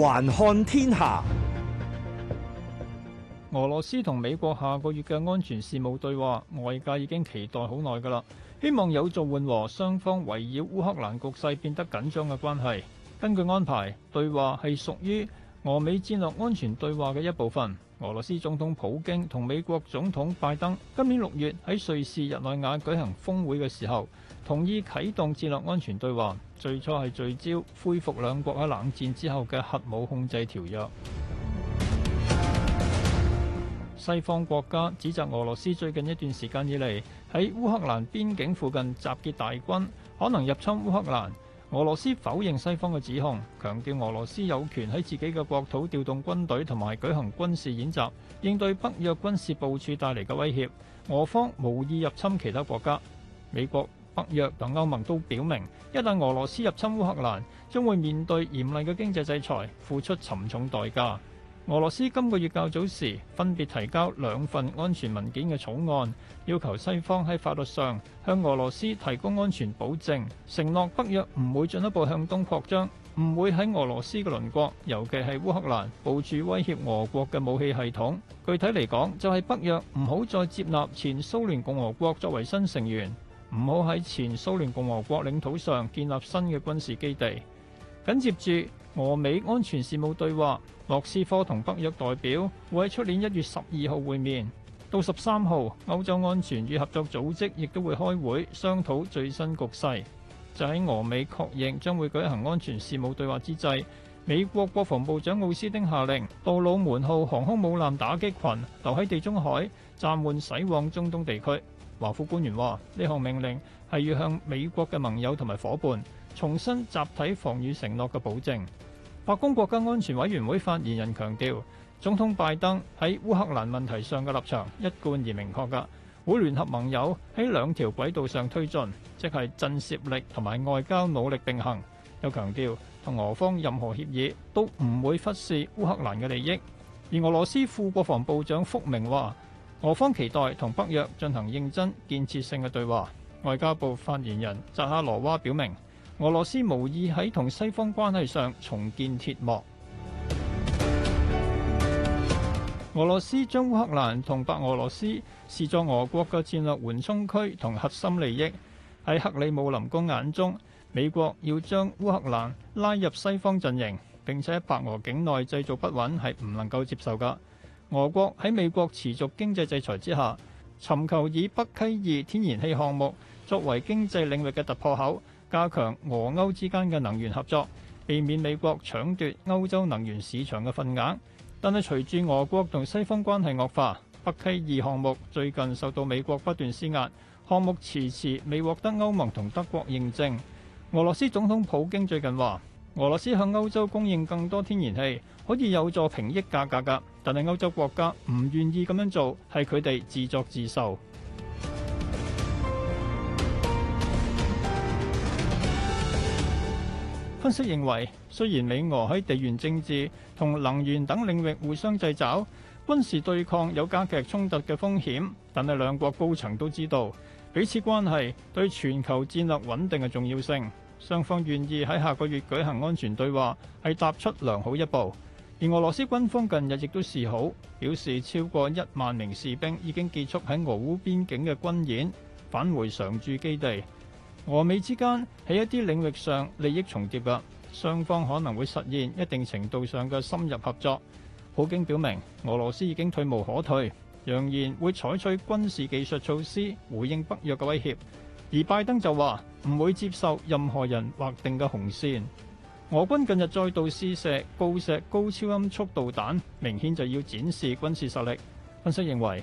環看天下，俄羅斯同美國下個月嘅安全事務對話，外界已經期待好耐㗎喇，希望有助緩和雙方圍繞烏克蘭局勢變得緊張嘅關係。根據安排，對話係屬於俄美戰略安全對話嘅一部分。俄羅斯總統普京同美國總統拜登今年六月喺瑞士日內瓦舉行峰會嘅時候，同意啟動戰略安全對話，最初係聚焦恢復兩國喺冷戰之後嘅核武控制條約。西方國家指責俄羅斯最近一段時間以嚟喺烏克蘭邊境附近集結大軍，可能入侵烏克蘭。俄羅斯否認西方嘅指控，強調俄羅斯有權喺自己嘅國土調動軍隊同埋舉行軍事演習，應對北約軍事部署帶嚟嘅威脅。俄方無意入侵其他國家。美國、北約等歐盟都表明，一旦俄羅斯入侵烏克蘭，將會面對嚴厲嘅經濟制裁，付出沉重代價。俄羅斯今個月較早時分別提交兩份安全文件嘅草案，要求西方喺法律上向俄羅斯提供安全保證，承諾北約唔會進一步向東擴張，唔會喺俄羅斯嘅鄰國，尤其係烏克蘭部署威脅俄國嘅武器系統。具體嚟講，就係北約唔好再接納前蘇聯共和國作為新成員，唔好喺前蘇聯共和國領土上建立新嘅軍事基地。緊接住。俄美安全事務對話，莫斯科同北約代表會喺出年一月十二號會面，到十三號歐洲安全與合作組織亦都會開會商討最新局勢。就喺俄美確認將會舉行安全事務對話之際，美國國防部長奧斯丁下令，杜魯門號航空母艦打擊群留喺地中海，暫緩駛往中東地區。華府官員話呢項命令係要向美國嘅盟友同埋夥伴重新集體防禦承諾嘅保證。白宮國家安全委員會發言人強調，總統拜登喺烏克蘭問題上嘅立場一貫而明確㗎。會聯合盟友喺兩條軌道上推進，即係震懾力同埋外交努力並行。又強調同俄方任何協議都唔會忽視烏克蘭嘅利益。而俄羅斯副國防部長福明話，俄方期待同北約進行認真建設性嘅對話。外交部發言人扎哈羅娃表明，俄羅斯無意喺同西方關係上重建鐵幕。俄羅斯將烏克蘭同白俄羅斯視作俄國嘅戰略緩衝區同核心利益。喺克里姆林宮眼中，美國要將烏克蘭拉入西方陣營，並且白俄境內製造不穩係唔能夠接受㗎。俄國喺美國持續經濟制裁之下，尋求以北溪二天然氣項目作為經濟領域嘅突破口。加強俄歐之間嘅能源合作，避免美國搶奪歐洲能源市場嘅份額。但係隨住俄國同西方關係惡化，北溪二項目最近受到美國不斷施壓，項目遲遲未獲得歐盟同德國認證。俄羅斯總統普京最近話，俄羅斯向歐洲供應更多天然氣可以有助平抑價格㗎，但係歐洲國家唔願意咁樣做，係佢哋自作自受。分析認為，雖然美俄喺地緣政治同能源等領域互相掣肘，軍事對抗有加劇衝突嘅風險，但係兩國高層都知道彼此關係對全球戰略穩定嘅重要性，雙方願意喺下個月舉行安全對話係踏出良好一步。而俄羅斯軍方近日亦都示好，表示超過一萬名士兵已經結束喺俄烏邊境嘅軍演，返回常駐基地。俄美之間喺一啲領域上利益重疊嘅，雙方可能會實現一定程度上嘅深入合作。普京表明，俄羅斯已經退無可退，揚言會採取軍事技術措施回應北約嘅威脅，而拜登就話唔會接受任何人劃定嘅紅線。俄軍近日再度試射高射高超音速導彈，明顯就要展示軍事實力。分析認為，